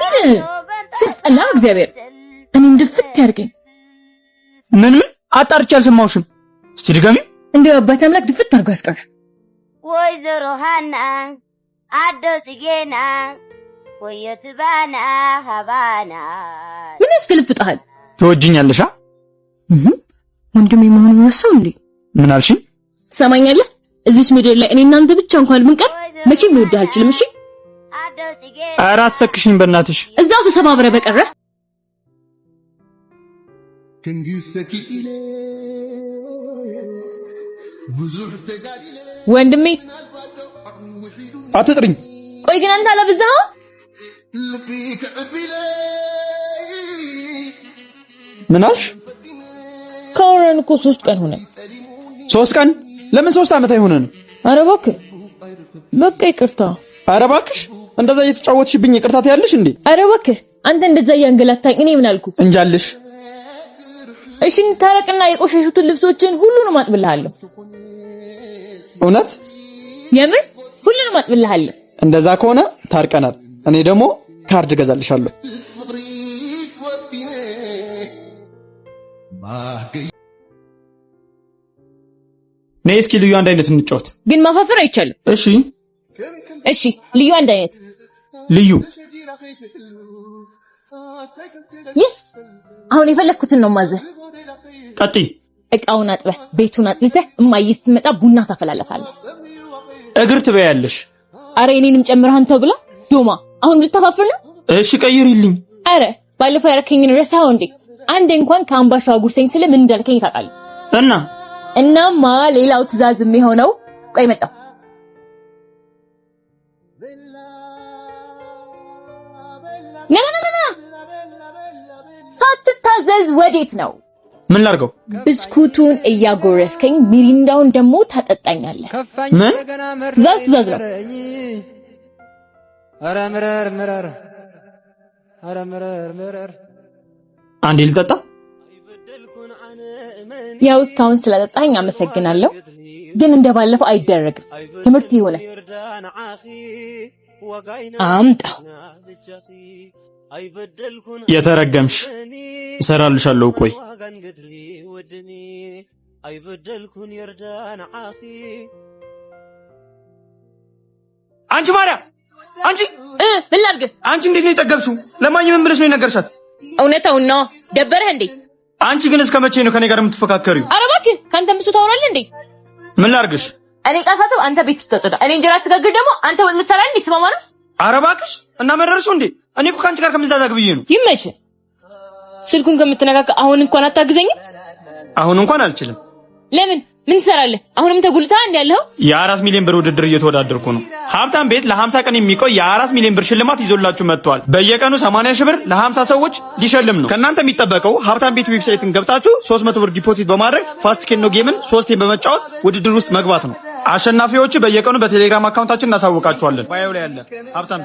ግን ሲያስጠላ እግዚአብሔር እኔ እንድፍት ያርገኝ። ምን ምን አጣርቼ አልሰማሁሽም። እስቲ ድጋሚ። እንደ አባት አምላክ ድፍት አድርጎ ያስቀር። ወይዘሮ ሃና አዶ ጽጌና ሀባና ምን ትወጅኛለሻ እንዴ? ምን አልሽኝ? ትሰማኛለህ? እዚህ ምድር ላይ እኔ እናንተ ብቻ እንኳን ብንቀር መቼም ልወድህ አልችልም። እሺ ኧረ አትሰክሽኝ በእናትሽ እዛው ተሰባብረ በቀረ ወንድሜ አትጥሪኝ። ቆይ ግን አንተ አለብዛው ምን አልሽ? ካወራን እኮ ሶስት ቀን ሆነ። ሶስት ቀን ለምን ሶስት ዓመት አይሆነንም? ኧረ እባክህ በቃ ይቅርታ። ኧረ እባክሽ እንደዛ እየተጫወትሽብኝ ይቅርታ ያለሽ እንዴ? አረ እባክህ አንተ እንደዛ እያንገላታኝ እኔ ምን አልኩ? እንጃልሽ። እሺ እንታረቅና የቆሸሹትን ልብሶችን ሁሉንም አጥብልሃለሁ። እውነት? የምር ሁሉንም አጥብልሃለሁ። እንደዛ ከሆነ ታርቀናል። እኔ ደግሞ ካርድ እገዛልሻለሁ። ነይ እስኪ ልዩ አንድ አይነት እንጫወት። ግን ማፋፈር አይቻልም። እሺ እሺ ልዩ አንድ አይነት ልዩ ይስ አሁን የፈለግኩትን ነው ማዘ ቀጥይ። እቃውን አጥበ ቤቱን አጥልተ እማዬ ስትመጣ ቡና ታፈላለታለህ። እግር ትበያለሽ። አረ እኔንም ጨምረህ አንተው ብላ ዶማ። አሁን ልተፋፍር ነው። እሺ ቀይሪልኝ። አረ ባለፈው ያረከኝን ረሳኸው እንዴ? አንዴ እንኳን ከአምባሻ ጉርሰኝ ስለ ምን እንዳልከኝ ታውቃለህ። እና እናማ ሌላው ትዕዛዝ የሚሆነው ቆይ መጣሁ ሳትታዘዝ ወዴት ነው? ምን ላርገው? ብስኩቱን እያጎረስከኝ ሚሪንዳውን ደግሞ ታጠጣኛለህ። ምን ትእዛዝ ትእዛዝ ነው። ምረር ምረር፣ አንዴ ልጠጣ። ያው እስካሁን ስለጠጣኝ አመሰግናለሁ፣ ግን እንደባለፈው አይደረግም። ትምህርት ይሆነ አምጣው። የተረገምሽ እሰራልሻለሁ። ቆይ አንቺ ማርያም፣ አንቺ ምን ላድርግ? አንቺ እንዴት ነው የጠገብሽው? ለማኝ ምን ብለሽ ነው የነገርሻት? እውነታውን ነው። ደበረህ እንዴ? አንቺ ግን እስከ መቼ ነው ከኔ ጋር የምትፈካከሪው? አረ እባክህ፣ ከአንተም ታወራለህ እንዴ? ምን ላድርግሽ? እኔ ዕቃ ሳጥብ አንተ ቤት ስታጸዳ፣ እኔ እንጀራ ስጋግር ደግሞ አንተ ወጥ ልትሰራ እንዴ? ትማማ ነው። ኧረ እባክሽ እና መረርሽው እንዴ? እኔ እኮ ከአንቺ ጋር ከምዛዛግ ብዬ ነው። ይመች ስልኩን ከምትነካካ አሁን እንኳን አታግዘኝም። አሁን እንኳን አልችልም። ለምን? ምን ትሰራለህ? አሁንም ተጉልታ እንደ ያለው የአራት ሚሊዮን ብር ውድድር እየተወዳደርኩ ነው። ሀብታም ቤት ለሀምሳ ቀን የሚቆይ የአራት ሚሊዮን ብር ሽልማት ይዞላችሁ መጥቷል። በየቀኑ 80 ሺህ ብር ለሀምሳ ሰዎች ሊሸልም ነው። ከእናንተ የሚጠበቀው ሀብታም ቤት ዌብሳይትን ገብታችሁ 300 ብር ዲፖዚት በማድረግ ፋስት ኬኖ ጌምን ሶስቴ በመጫወት ውድድር ውስጥ መግባት ነው። አሸናፊዎቹ በየቀኑ በቴሌግራም አካውንታችን እናሳውቃችኋለን። ባየው ላይ ያለ ሀብታም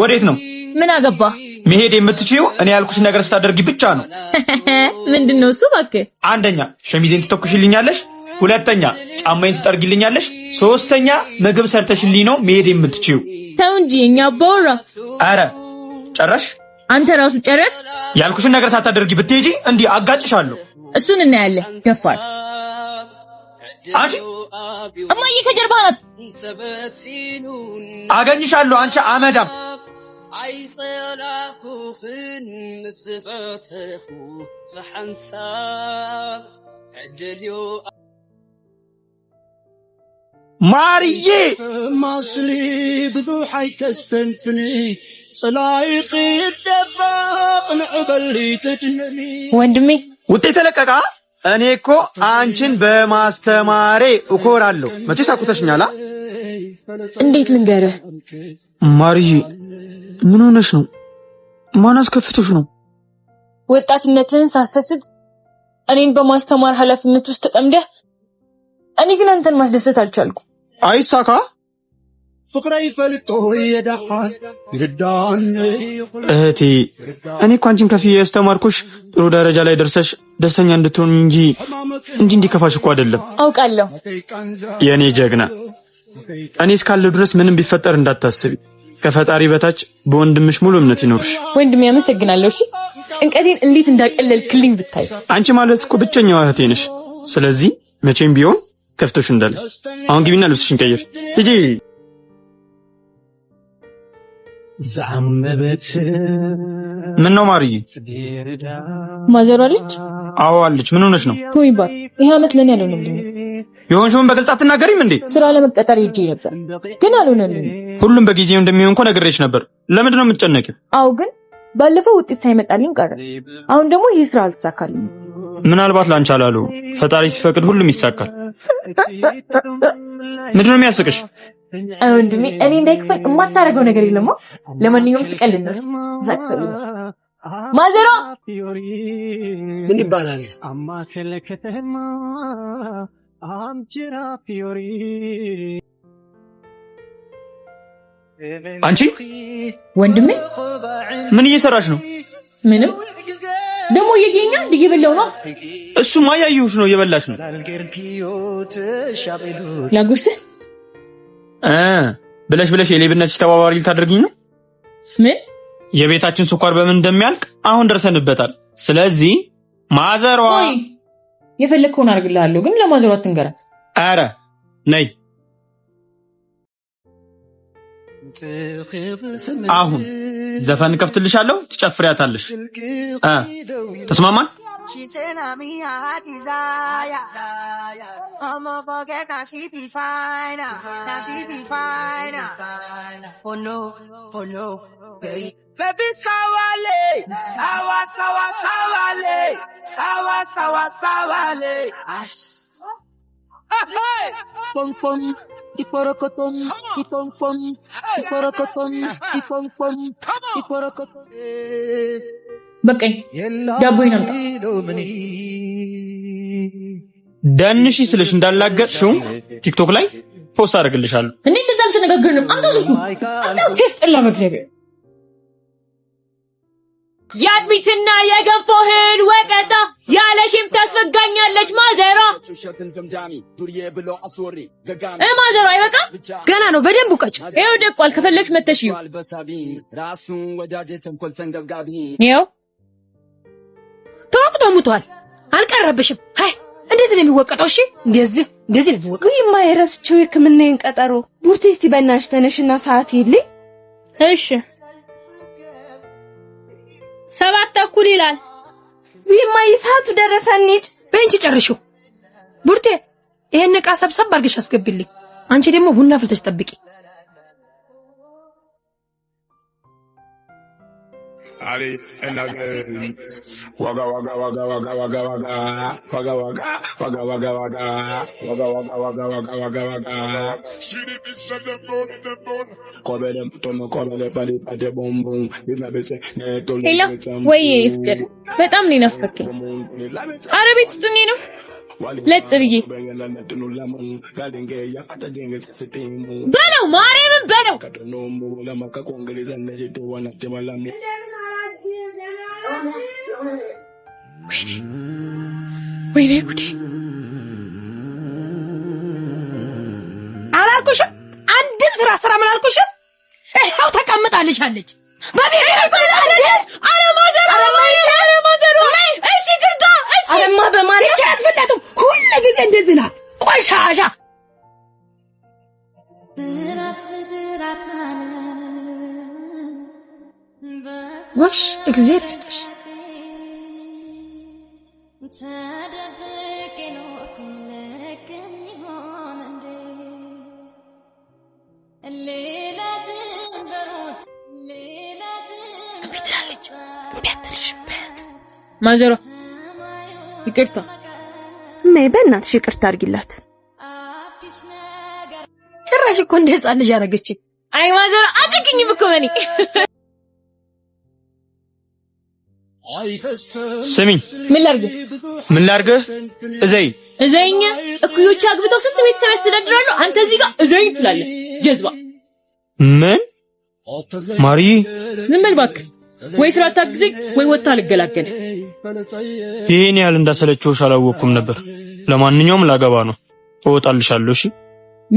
ወዴት ነው? ምን አገባ? መሄድ የምትችይው እኔ ያልኩሽ ነገር ስታደርጊ ብቻ ነው። ምንድን ነው እሱ? እባክህ አንደኛ ሸሚዜን ትተኩሽልኛለሽ፣ ሁለተኛ ጫማዬን ትጠርጊልኛለሽ፣ ሶስተኛ ምግብ ሰርተሽልኝ ነው መሄድ የምትችይው። ተው እንጂ እኛ አባወራ። አረ ጨረሽ? አንተ ራሱ ጨረስ። ያልኩሽን ነገር ሳታደርጊ ብትሄጂ እንዲህ አጋጭሻለሁ። እሱን እናያለን። ደፋር አንቺ እማዬ ከጀርባ ናት። አገኝሻለሁ። አንቺ አመዳም ማርዬ ማስሊ ብዙ ወንድሜ ውጤት ተለቀቃ። እኔ እኮ አንቺን በማስተማሬ እኮራለሁ። መቼ ሳኩተሽኛላ? እንዴት ልንገርህ? ማርዬ ምን ሆነሽ ነው? ማን አስከፍቶሽ ነው? ወጣትነትህን ሳሰስት እኔን በማስተማር ኃላፊነት ውስጥ ተጠምደህ፣ እኔ ግን አንተን ማስደሰት አልቻልኩ። አይሳካ እህቴ እኔ እኮ አንቺን ከፍዬ ያስተማርኩሽ ጥሩ ደረጃ ላይ ደርሰሽ ደስተኛ እንድትሆን እንጂ እንጂ እንዲከፋሽ እኮ አይደለም። አውቃለሁ የእኔ ጀግና። እኔ እስካለሁ ድረስ ምንም ቢፈጠር እንዳታስቢ። ከፈጣሪ በታች በወንድምሽ ሙሉ እምነት ይኖርሽ። ወንድሜ ያመሰግናለሁ። እሺ ጭንቀቴን እንዴት እንዳቀለልክልኝ ብታይ። አንቺ ማለት እኮ ብቸኛዋ እህቴ ነሽ። ስለዚህ መቼም ቢሆን ከፍቶሽ እንዳለ። አሁን ግቢና ልብስሽን ቀይር ሂጂ። ዛምበት ምን ነው ማርዬ? ማዘሩ አለች? አዎ አለች። ምን ሆነች ነው? ቶይ ባ ይሄ አመት ለኔ አልሆነልኝ። የሆንሽውን በግልጽ አትናገሪም እንዴ? ስራ ለመቀጠር ሄጄ ነበር ግን አልሆነልኝ። ሁሉም በጊዜው እንደሚሆን እኮ ነግሬሽ ነበር። ለምንድን ነው የምትጨነቂው? አዎ ግን ባለፈው ውጤት ሳይመጣልኝ ቀረ። አሁን ደግሞ ይህ ስራ አልተሳካልኝ። ምናልባት ላንቺ አላሉ። ፈጣሪ ሲፈቅድ ሁሉም ይሳካል። ምንድን ነው የሚያስቅሽ? ወንድሜ እኔ እንዳይክፈል የማታደርገው ነገር የለማ። ለማንኛውም ስቀልድ ነው። ምን ይባላል? አንቺ ወንድሜ ምን እየሰራች ነው? ምንም ደግሞ እየገኛ እንደ እየበላው ነው። እሱማ ያየሁሽ ነው፣ እየበላሽ ነው። ላጉርስህ ብለሽ ብለሽ የሌብነትሽ ተባባሪ ልታደርግኝ ነው? ምን የቤታችን ስኳር በምን እንደሚያልቅ አሁን ደርሰንበታል። ስለዚህ ማዘሯ የፈለግከውን አድርግልሃለሁ፣ ግን ለማዘሯ አትንገራት። አረ ነይ አሁን ዘፈን ከፍትልሻለሁ፣ ትጨፍሪያታለሽ። ተስማማን? She say na me a hot desire. I'ma forget that she be fine. That she be fine. Oh no, oh no, baby. Baby sawale, sawa sawa sawale, sawa sawa sawale. Ash. Ah, hey, pom pom. Iporokoton, ipom pom, iporokoton, ipom pom, iporokoton. በቃኝ። ዳቦ ይነምጣ ደንሺ ስልሽ እንዳላገጥሽው ቲክቶክ ላይ ፖስት አደርግልሻለሁ። እንዴ እንደዛ አልተነጋገርንም። አንተ ስልኩ አንተ ሲያስጠላ በእግዚአብሔር ያጥቢትና የገንፎ እህል ወቀጣ ያለሽም ታስፈጋኛለች ማዘሯ እ ማዘሯ አይበቃ ገና ነው። በደንብ ውቀጭ። ይኸው ደቋል። ከፈለግሽ መተሽ ይኸው ተወቅጦ ሙቷል። አልቀረብሽም። አይ እንደዚህ ነው የሚወቀጠው። እሺ እንደዚህ እንደዚህ ነው የሚወቀጠው። ይማ የረስችው የሕክምናዬን ቀጠሮ ቡርቴ፣ እስቲ በእናትሽ ተነሽና ሰዓት ይልኝ። እሺ ሰባት ተኩል ይላል። ይማ የሰዓቱ ደረሰ። እንሂድ በእንቺ ጨርሽው። ቡርቴ፣ ይሄን ዕቃ ሰብሰብ አድርገሽ አስገቢልኝ። አንቺ ደግሞ ቡና ፍልተሽ ጠብቂ። Ali and again. Wagga wagga wagga wagga wagga not bitch. Hello, ወይ ይፍቅር በጣም ነው የናፈቀኝ። አረ ቤትስቱኝ ነው ለጥ ብዬ በለው ማርያምን ወይኔ ወይኔ ጉዴ! አላልኩሽም? አንድም ስራ ስራ ምን አልኩሽም? ይኸው ተቀምጣልሽ አለች። አረማ ሁሉ ጊዜ እንደዚህ ናት፣ ቆሻሻ እግዚአብሔር ይስጥሽ። ተደብቄ ኖርኩኝ ልክ የሚሆን እንዴ ሌላ ድንበሮች ሌላ ድንበሮች እምቢ ይቅርታ እማዬ በእናትሽ ይቅርታ አድርጊላት ጭራሽ እኮ እንደ ህፃን ልጅ አደረገችኝ አይ ማዘሯ እኮ በኔ ስሚኝ፣ ምን ላርግህ? ምን ላርግህ? እዘይ እዘኝ። እኩዮች አግብተው ስንት ቤተሰብ ያስተዳድራሉ። አንተ እዚህ ጋር እዘኝ ትላለህ። ጀዝባ ምን ማሪ፣ ዝም በል እባክህ። ወይ ስራ አታግዘኝ፣ ወይ ወጥተህ ልገላገል። ይህን ያህል እንዳሰለችሽ አላወቅኩም ነበር። ለማንኛውም ላገባ ነው። እወጣልሻለሁ። እሺ።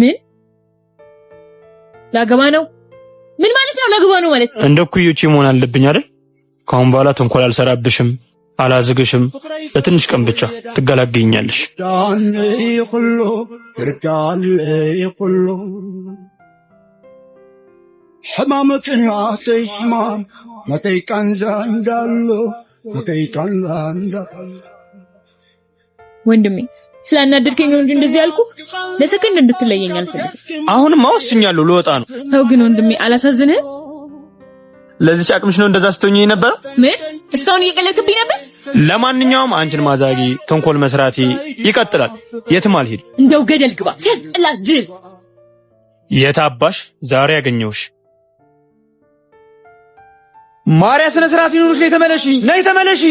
ምን ላገባ ነው? ምን ማለት ነው? ላገባ ነው ማለት እንደ እኩዮቼ መሆን አለብኝ አይደል? ከአሁን በኋላ ተንኮል አልሰራብሽም፣ አላዝግሽም። ለትንሽ ቀን ብቻ ትገላገኛለሽ። ወንድሜ ስላናደድከኝ ነው እንጂ እንደዚህ ያልኩ ለሰከንድ እንድትለየኝ አልፈልግም። አሁንም አወስኛለሁ፣ ልወጣ ነው። ተው ግን ወንድሜ አላሳዝንህም? ለዚች አቅምሽ ነው እንደዛ ስትሆኚ የነበረው? ምን እስካሁን እየቀለድክብኝ ነበር? ለማንኛውም አንቺን ማዛጊ፣ ተንኮል መስራቴ ይቀጥላል። የትም አልሄድ። እንደው ገደል ግባ ሲያስጥላ ጅል። የታባሽ ዛሬ ያገኘውሽ ማርያ፣ ስነ ስርዓት ይኑርሽ። ነይ ተመለሺ፣ ነይ ተመለሺ።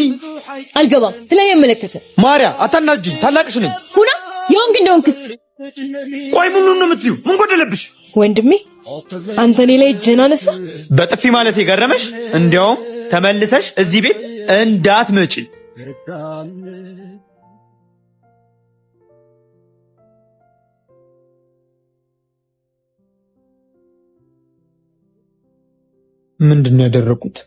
አልገባም። ስለኔ መለከተ ማርያ፣ አታናጅኝ። ታላቅሽ ነኝ ሁና የወንግ እንደወንክስ። ቆይ ምኑን ነው የምትዩ? ምን ጎደለብሽ ወንድሜ? አንተ እኔ ላይ እጅህን አነሳ በጥፊ ማለት የገረመሽ? እንዲያውም ተመልሰሽ እዚህ ቤት እንዳትመጪ። ምንድን ነው ያደረጉት?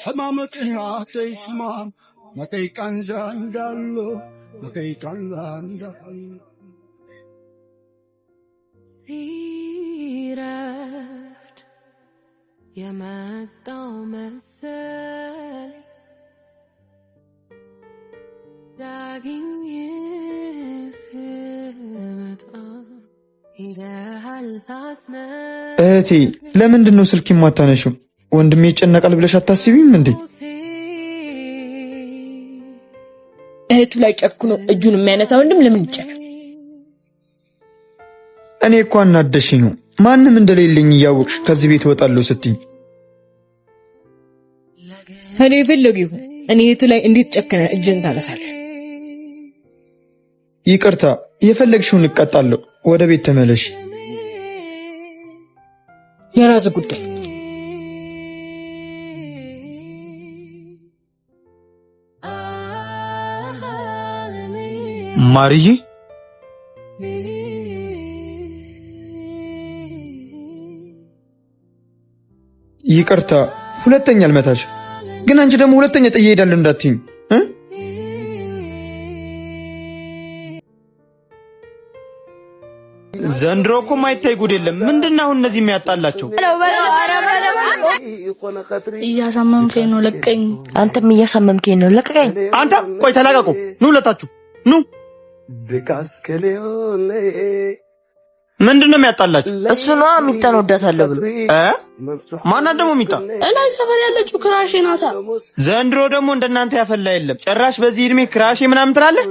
حمامك ناتي حمام ما تي كان زاندالو ما تي كان زاندالو سيرت يا ما دوم سالي داغين يسمت اهتي لمن دنو سلكي ما تانشو ወንድሜ ይጨነቃል ብለሽ አታስቢም እንዴ? እህቱ ላይ ጨክኖ እጁን የሚያነሳ ወንድም ለምን ይጨነቅ? እኔ እኮ አናደሽ ነው ማንም እንደሌለኝ እያወቅሽ ከዚህ ቤት እወጣለሁ ስትኝ እኔ የፈለጉ ይሁን እኔ እህቱ ላይ እንዴት ጨክነ እጅን ታነሳለህ? ይቅርታ፣ የፈለግሽውን እቀጣለሁ። ወደ ቤት ተመለሽ። የራስ ጉዳይ ማርዬ ይቅርታ፣ ሁለተኛ አልመታሽ። ግን አንቺ ደግሞ ሁለተኛ ጥዬ እሄዳለሁ እንዳትኝ። ዘንድሮ እኮ ማይታይ ጉድ የለም። ምንድን ነው አሁን እነዚህ የሚያጣላቸው? እያሳመምከኝ ነው፣ ለቀኝ። አንተም እያሳመምከኝ ነው፣ ለቀኝ። አንተ ቆይ፣ ተላቀቁ። ኑ ሁለታችሁ ኑ ምንድን ነው የሚያጣላችሁ? እሱ ነዋ። ሚጣን ወዳታለሁ ብሎ ማናት ደግሞ ሚጣ እላይ ሰፈር ያለችው ክራሼ ናታ። ዘንድሮ ደግሞ እንደናንተ ያፈላ የለም ጭራሽ። በዚህ እድሜ ክራሼ ምናምን ትላለህ።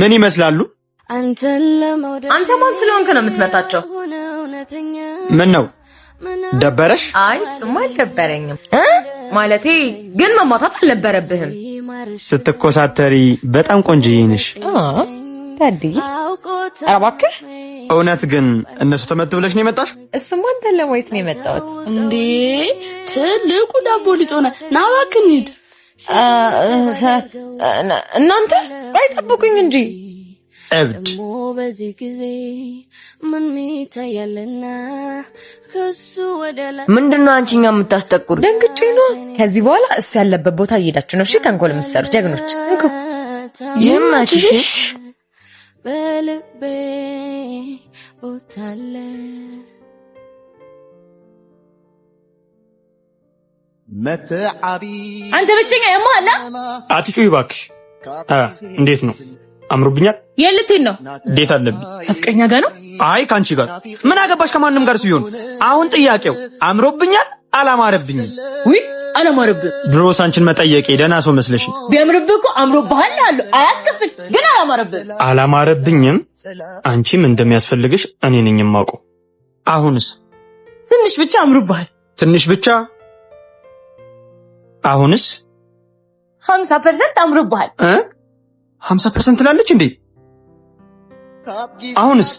ምን ይመስላሉ? አንተ ማን ስለሆንክ ነው የምትመጣቸው? ምን ነው ደበረሽ? አይ ስሙ አልደበረኝም። ማለቴ ግን መማታት አልነበረብህም። ስትኮሳተሪ በጣም ቆንጅዬ ነሽ። ታዲ ኧረ እባክህ። እውነት ግን እነሱ ተመቱ ብለሽ ነው የመጣሽ? እሱማ አንተን ለማየት ነው የመጣሁት። እንዴ ትልቁ ዳቦ ሊጥ ሆነ። ና እባክህ እንሂድ። እናንተ አይጠብቁኝ እንጂ እብድ በዚህ ጊዜ ምን ሚታያልና ከሱ ወደ ላይ ምንድን ነው አንቺኛ የምታስጠቁር? ደንግጬ ነው። ከዚህ በኋላ እሱ ያለበት ቦታ እየሄዳችሁ ነው። እሺ ተንኮል የምትሰሩ ጀግኖች። ይመችሽ። በልቤ ቦታለ አንተ ብቸኛ የማ አለ አትጩ ይባክሽ። እንዴት ነው አምሮብኛል። የልቴን ነው እንዴት አለብኝ። አፍቀኛ ጋር ነው? አይ ከአንቺ ጋር ምን አገባሽ? ከማንም ጋር ሲሆን አሁን ጥያቄው አምሮብኛል አላማረብኝም? ውይ አላማረብህ። ድሮስ አንቺን መጠየቄ ደህና ሰው መስለሽ። ቢያምርብህ እኮ አምሮብሃል አለ። አያስከፍል። ግን አላማረብህ። አላማረብኝም። አንቺም እንደሚያስፈልግሽ እኔ ነኝ የማውቀው። አሁንስ ትንሽ ብቻ አምሮብሃል። ትንሽ ብቻ አሁንስ 50% አምሮብሃል። 50 ፐርሰንት ትላለች እንዴ? አሁንስ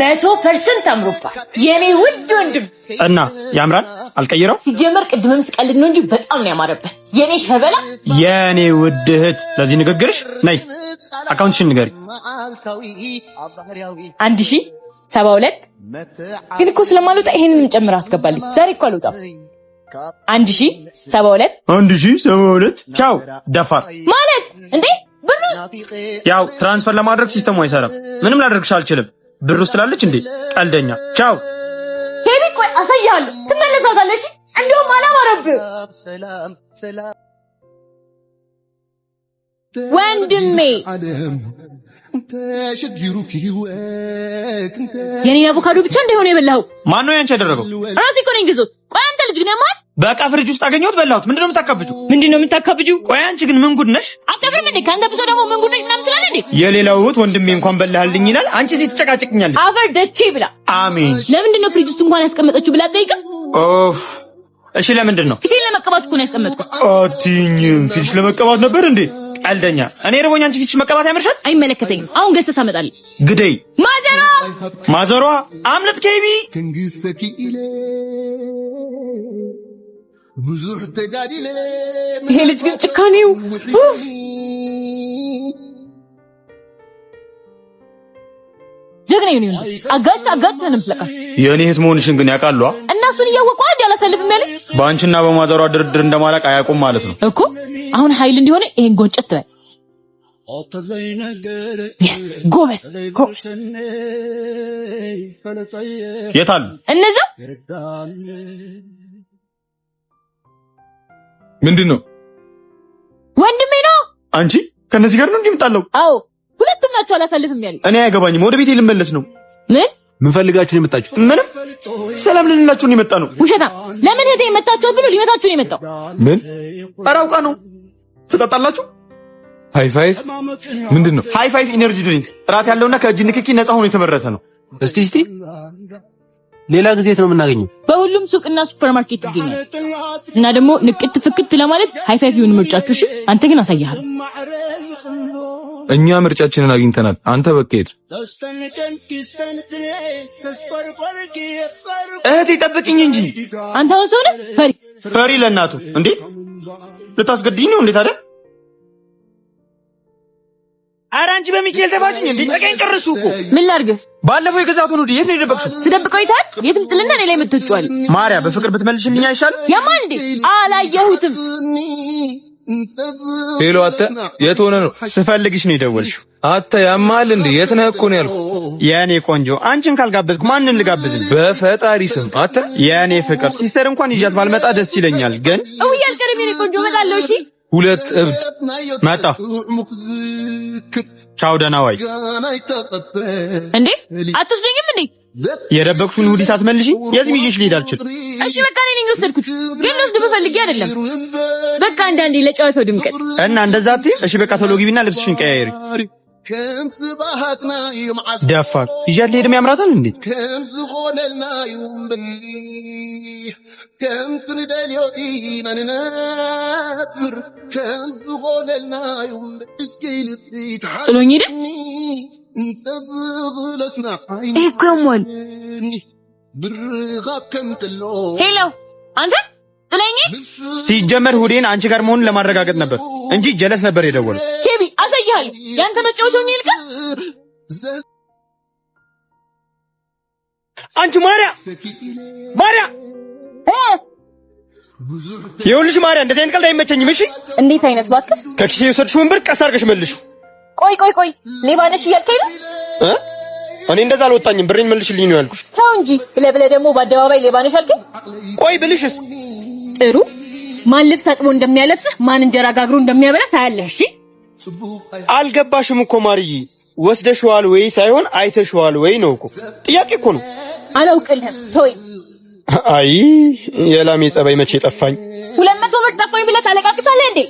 መቶ ፐርሰንት አምሮባል የኔ ውድ ወንድም። እና ያምራል አልቀይረው። ሲጀመር ቅድምም ስቀልድ ነው እንጂ በጣም ነው ያማረበት የኔ ሸበላ፣ የኔ ውድ እህት። ለዚህ ንግግርሽ ነይ አካውንትሽን ንገሪ። አንድ ሺህ ሰባ ሁለት ግን እኮ ስለማልወጣ ይሄንንም ጨምር አስገባልኝ። ዛሬ እኮ አልወጣም። አንድ ሺህ ሰባ ሁለት አንድ ሺ ሰባ ሁለት ቻው። ደፋር ማለት እንዴ ያው ትራንስፈር ለማድረግ ሲስተሙ አይሰራም። ምንም ላደርግሽ አልችልም። ብር ውስጥ ላለች እንዴ ቀልደኛ። ቻው ሄቢ፣ ቆይ አሳያለሁ። ትመለሳታለሽ። እንደውም አላማረብህ ወንድሜ የኔን አቮካዶ ብቻ እንደሆነ የበላኸው ማን ነው? ያንቺ ያደረገው ራሴ እኮ ነኝ። ግዙ። ቆይ አንተ ልጅ ግን ማን በቃ ፍሪጅ ውስጥ አገኘሁት በላሁት። ምንድን ነው የምታካብጁ? ምንድን ነው የምታካብጁ? ቆይ አንቺ ግን ምን ጉድ ነሽ? አታፍርም እንዴ? ከአንተ ብሶ ደግሞ ምን ጉድ ነሽ ምናምን ትላለህ እንዴ? የሌላው እህት ወንድሜ እንኳን በላህልኝ ይላል፣ አንቺ እዚህ ትጨቃጨቅኛለሽ። አፈር ደቼ ብላ አሜን። ለምንድን ነው ፍሪጅ ውስጥ እንኳን ያስቀመጠችው ብላ ጠይቅም። ኦፍ እሺ፣ ለምንድን ነው ፊቴን ለመቀባት እኮ ነው ያስቀመጥኩት። አትይኝም። ፊትሽ ለመቀባት ነበር እንዴ? ቀልደኛ። እኔ ረቦኛ። አንቺ ፊትሽ መቀባት ያምርሻል። አይመለከተኝም። አሁን ገዝተህ ታመጣለህ። ግደይ ማዘሯ ማዘሯ አምለት ኬቢ ይሄ ልጅ ግን ጭካኔው ጀግና ይሁን አጋጭ አጋጭ የእኔ እህት መሆንሽን ግን ያውቃሉ። እነሱን እያወቁ አንድ ያላሰልፍም ያለኝ በአንቺና በማዘሯ ድርድር እንደማላቅ አያውቁም ማለት ነው እኮ። አሁን ኃይል እንዲሆነ ይሄን ጎንጨት ጎበዝ ጎበዝ። ምንድን ነው? ወንድሜ ነው። አንቺ ከነዚህ ጋር ነው እንዲምጣለው? አዎ ሁለቱም ናቸው። አላሳልፍም ያለ እኔ አያገባኝም። ወደ ቤቴ ልመለስ ነው። ምን ምን ፈልጋችሁ ነው የመጣችሁት? ምንም ሰላም ልንላችሁ ነው የመጣ ነው። ውሸታ ለምን ሄደ የመጣችሁት ብሎ ሊመታችሁ ነው የመጣው። ምን አራውቃ ነው። ትጠጣላችሁ? ሃይ ፋይቭ ምንድን ነው? ሃይ ፋይቭ ኢነርጂ ድሪንክ ራት ያለውና ከእጅ ንክኪ ነፃ ሆኖ የተመረተ ነው። እስቲ እስቲ ሌላ ጊዜ ነው የምናገኘው። በሁሉም ሱቅና ሱፐርማርኬት ይገኛል እና ደግሞ ንቅት ፍክት ለማለት ሃይፋይፍ ይሁን ምርጫችሁ። እሺ፣ አንተ ግን አሳያሃል። እኛ ምርጫችንን አግኝተናል። አንተ በቃ እህት እህቴ እንጂ አንተ አሁን ሰው ነህ። ፈሪ ፈሪ ለእናቱ እንዴ! ልታስገድኝ ነው እንዴት አይደል አረ አንቺ በሚካኤል ተፋጭኝ እንዴ! ጠቀኝ ጨርሱ እኮ ምን ላድርግ? ባለፈው የገዛት ነው ዲየት ነው የደበቅሽው? ስደብቀው ይታል የትም ጥልና እኔ ላይ የምትወጪዋል። ማርያ በፍቅር ብትመልሽልኝ አይሻልም? የማ እንዴ አላየሁትም። ሄሎ አተ የት ሆነ ነው? ስፈልግሽ ነው የደወልሽው። አተ ያማል እንዴ የት ነህ እኮ ነው ያልኩህ። የእኔ ቆንጆ አንቺን ካልጋበዝኩ ማንን ልጋብዝ? በፈጣሪ ስም አተ የእኔ ፍቅር ሲስተር እንኳን ይዣት ባልመጣ ደስ ይለኛል። ግን እውያል ቀረም የኔ ቆንጆ እመጣለሁ። እሺ ሁለት እብድ መጣ። ቻው ደህና ዋይ። እንዴ አትወስደኝም እንዴ? የደበቅሽውን ሁዲ ሳትመልሺ የትም ይዤሽ ልሄድ አልችልም። እሺ በቃ እኔ ነኝ የወሰድኩት፣ ግን ልወስድ በፈልጌ አይደለም። በቃ አንዳንዴ ለጨዋታው ድምቀት እና እንደዛ አትይ። እሺ በቃ ቶሎ ግቢና ልብስሽን ቀያየሪ። ደፋር ይዣት ልሄድም ያምራታል እንዴ ከምፅን ትንደልዮ ኢና ንነብር ከም ዝኮለልናዩ እስኪ ልቢ ጥሎኝ ደ እንተዝኽለስና ይኮሞል ብርኻብ ከም ትሎ ሄሎ አንተ ጥለኝ ሲጀመር ሁዴን አንቺ ጋር መሆኑን ለማረጋገጥ ነበር እንጂ ጀለስ ነበር የደወለው። ኬቢ አሳይሃል። ያንተ መጫወቻውን ልቀ አንቺ ማርያ ማርያ ይኸውልሽ ማርያም፣ እንደዚህ አይነት ቀልድ አይመቸኝም። እሺ እንዴት አይነት እባክህ፣ ከኪሴ የወሰድሽውን ወንበር ቀስ አድርገሽ መልሹ። ቆይ ቆይ ቆይ፣ ሌባ ነሽ እያልከኝ ነው? እኔ እንደዛ አልወጣኝም። ብሬን መልሽልኝ ነው ያልኩሽ። ተው እንጂ ብለህ ብለህ ደግሞ በአደባባይ ሌባ ነሽ አልከኝ። ቆይ ብልሽስ? ጥሩ ማን ልብስ አጥቦ እንደሚያለብስህ ማን እንጀራ ጋግሮ እንደሚያበላ ታያለህ። እሺ አልገባሽም እኮ ማርዬ፣ ወስደሽዋል ወይ ሳይሆን አይተሽዋል ወይ ነው እኮ ጥያቄ እኮ ነው። አላውቅልህም ተወኝ። አይ የላሜ ጸባይ መቼ ጠፋኝ? ሁለት መቶ ብር ጠፋኝ ብለህ ታለቃቅሳለህ እንዴ?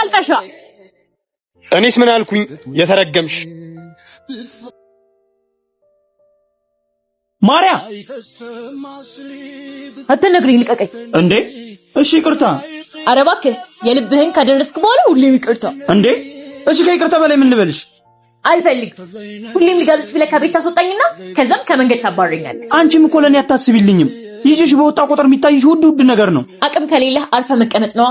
አልቀሻ። እኔስ ምን አልኩኝ? የተረገምሽ ማርያ፣ አትነግሪኝ፣ ልቀቀኝ። እንዴ እሺ ይቅርታ። ኧረ እባክህ የልብህን ከደረስክ በኋላ ሁሌም ይቅርታ። እንዴ እሺ ከይቅርታ በላይ ምን ልበልሽ? አልፈልግም። ሁሌም ልጋብዝሽ ብለህ ከቤት ታስወጣኝና ከዛም ከመንገድ ታባረኛለህ። አንቺም እኮ ለእኔ አታስቢልኝም። ይዤሽ በወጣ ቁጥር የሚታይሽ ውድ ውድ ነገር ነው። አቅም ከሌለህ አርፈ መቀመጥ ነዋ።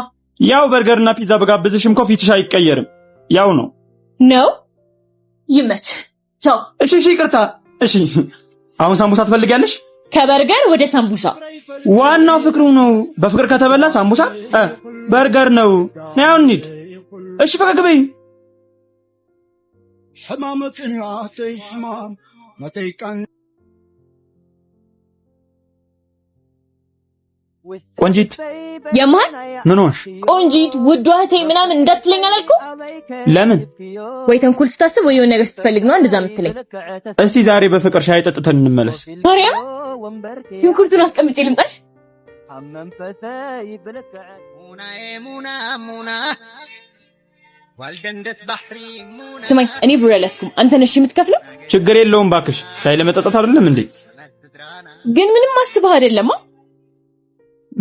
ያው በርገርና ፒዛ በጋብዝሽም እኮ ፊትሽ አይቀየርም። ያው ነው ነው። ይመች። ቻው። እሺ፣ እሺ፣ ይቅርታ። እሺ፣ አሁን ሳምቡሳ ትፈልጊያለሽ? ከበርገር ወደ ሳምቡሳ። ዋናው ፍቅሩ ነው። በፍቅር ከተበላ ሳምቡሳ በርገር ነው። ያው እንሂድ። እሺ፣ ፈገግ በይ። ሕማም ቆንጂት የማን ምን ሆንሽ? ቆንጂት ውድ እህቴ ምናምን እንዳትለኝ አላልኩ? ለምን? ወይ ተንኩል ስታስብ ወይ የሆነ ነገር ስትፈልግ ነው እንደዛ የምትለኝ። እስቲ ዛሬ በፍቅር ሻይ ጠጥተን እንመለስ። ማርያም ሽንኩርቱን አስቀምጬ ልምጣሽ። ስማኝ፣ እኔ ብር አልያዝኩም። አንተ ነሽ የምትከፍለው። ችግር የለውም ባክሽ። ሻይ ለመጠጣት አይደለም እንዴ? ግን ምንም አስበህ አይደለማ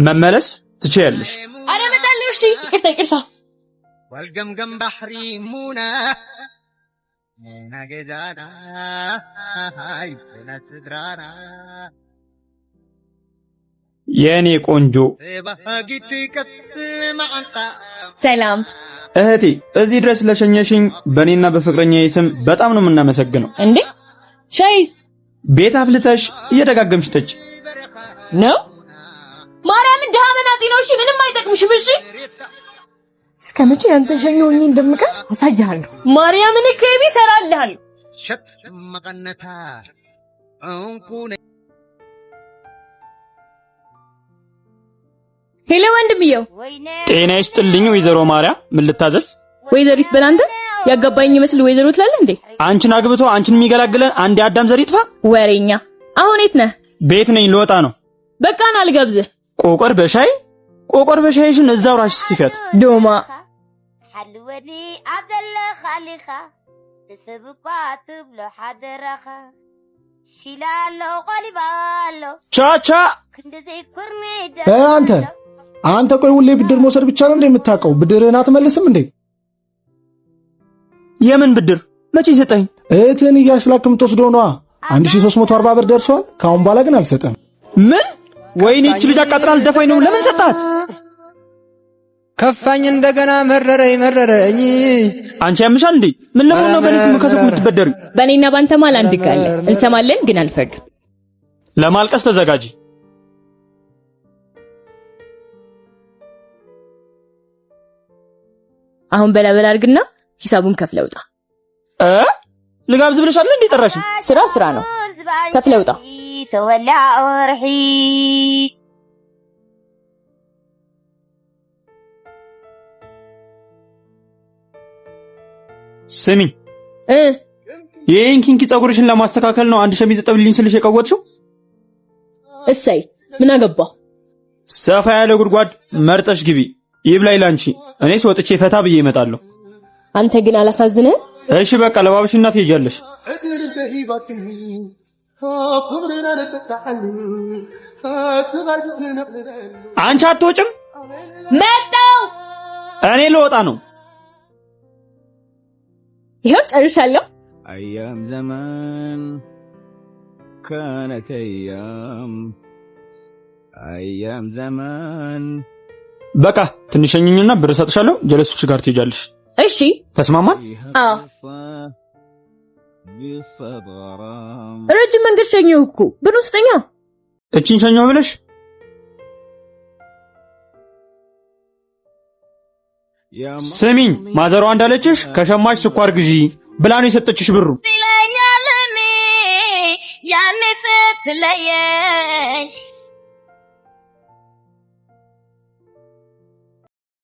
መመለስ ትችያለሽ። ኧረ እመጣለሁ። እሺ፣ ይቅርታ ይቅርታ። ወልገምገም ባህሪ ሙና የእኔ ቆንጆ ሰላም እህቴ፣ እዚህ ድረስ ለሸኘሽኝ በእኔና በፍቅረኛዬ ስም በጣም ነው የምናመሰግነው። እንዴ ሻይስ ቤት አፍልተሽ እየደጋገምሽ ነው ማርያምን ድሃ መናጤ ነው። እሺ ምንም አይጠቅምሽም። እሺ እስከ መቼ አንተ ሸኘሁኝ እንደምቀር አሳያለሁ። ማርያምን ከቢ ሰራልሃል ሸት መቀነታ አንኩነ ሄሎ ወንድምየው፣ ጤና ይስጥልኝ ወይዘሮ ማርያም። ምን ልታዘዝ? ወይዘሪት በላንተ ያጋባኝ ይመስል ወይዘሮ ትላለ እንዴ? አንቺን አግብቶ አንቺን የሚገላግለን አንድ የአዳም ዘር ይጥፋ። ወሬኛ፣ አሁን የት ነህ? ቤት ነኝ፣ ልወጣ ነው። በቃ ና ልጋብዝህ። ቆቆር በሻይ ቆቆር በሻይሽን እዛው ራሽ ሲፈት ዶማ ሐልወኒ አብደለ ኻሊኻ ሊኻ ብሎ እኳ ትብሎ ሓደረኻ ሺላ ኣሎ ቻቻ ክንደዘይ ኩርሜ አንተ አንተ ቆይ ሁሌ ብድር መውሰድ ብቻ ነው እንዴ የምታውቀው? ብድርህን አትመልስም እንዴ? የምን ብድር መቼ ይሰጠኝ? እህትህን እያስላክ የምትወስደው ነዋ። 1340 ብር ደርሷል። ከአሁን በኋላ ግን አልሰጠም። ምን ወይኔ እች ልጅ አቃጥላል ደፋኝ ነው ለምን ሰጣት? ከፋኝ እንደገና መረረኝ መረረኝ። አንቺ ያምሻል እንዴ? ምን ለምን ነው በኔ ስም ከሰው የምትበደሪ? በኔና ባንተ ማል አንድ ቃል እንሰማለን፣ ግን አልፈርድም። ለማልቀስ ተዘጋጂ። አሁን በላበል አድርግና ሂሳቡን ከፍለውጣ እ ልጋብዝ ብለሻል እንዴ? ጠራሽ። ስራ ስራ ነው። ከፍለውጣ تولع ورحيل ስሚ ኪንኪ ጸጉርሽን ለማስተካከል ነው አንድ ሸሚዝ ጠብልኝ ስልሽ የቀወጥሽው? እሰይ ምን አገባ። ሰፋ ያለ ጉድጓድ መርጠሽ ግቢ። ይብላኝ ላንቺ። እኔስ ወጥቼ ፈታ ብዬ እመጣለሁ። አንተ ግን አላሳዝነህ። እሺ በቃ ለባብሽና ትሄጃለሽ። አንቺ አትወጭም? መጣው እኔ ልወጣ ነው። ይኸው ጨርሻለሁ። አያም ዘመን ከነተያም አያም ዘመን በቃ ትንሸኝኝና ብር እሰጥሻለሁ። ጀለሶች ጋር ትሄጃለሽ። እሺ ተስማማን? አዎ ረጅም መንገድ ሸኘው እኮ ብን ውስጠኛ እችን ሸኘው ብለሽ ስሚኝ፣ ማዘሯ እንዳለችሽ ከሸማች ስኳር ግዢ ብላ ነው የሰጠችሽ ብሩ ይለኛል እኔ ያኔ ስትለየኝ